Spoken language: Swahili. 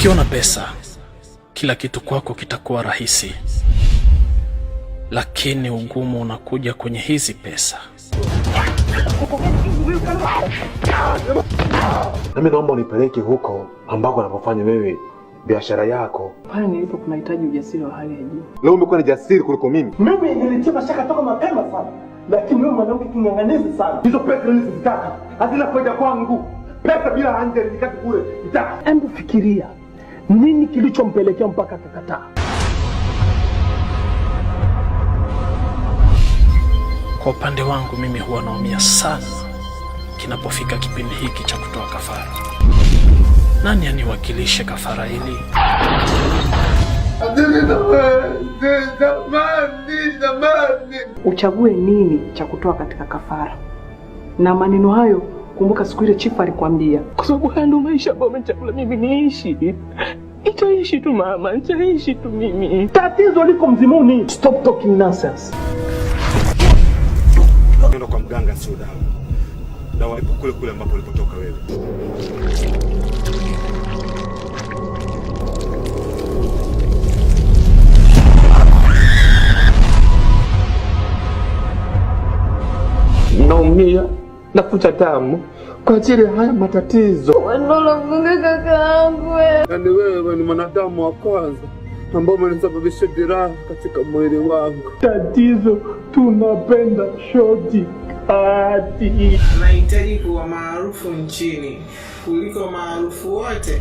Ukiwa na pesa, kila kitu kwako kitakuwa rahisi, lakini ugumu unakuja kwenye hizi pesa. Nami naomba unipeleke huko ambako anapofanya wewe biashara yako. Pale nilipo kunahitaji ujasiri wa hali ya juu. Leo umekuwa ni jasiri kuliko mimi. Mimi nilitia mashaka toka mapema sana, lakini wewe mwanamke king'ang'anizi sana. Hizo pesa nilizozitaka hazina faida kwangu. Pesa bila anje nikati kule itaka. Hebu fikiria nini kilichompelekea mpaka akakataa? Kwa upande wangu mimi huwa naumia sana kinapofika kipindi hiki cha kutoa kafara. Nani aniwakilishe kafara hili? Uchague nini cha kutoa katika kafara, na maneno hayo Kumbuka siku ile chifu alikwambia, kwa sababu haya ndio maisha ambayo umenichagua mimi niishi. Itaishi tu mama, itaishi tu mimi. Tatizo liko mzimuni. Stop talking nonsense. Nenda kwa mganga, sio dawa. Dawa ipo kule kule ambapo ulipotoka wewe. Naumia na kucha damu kwa ajili ya haya matatizo. Yaani wewe ni mwanadamu wa kwanza ambao umenisababisha jeraha katika mwili wangu. Tatizo tunapenda shoti kati. Nahitaji kuwa maarufu nchini kuliko maarufu wote.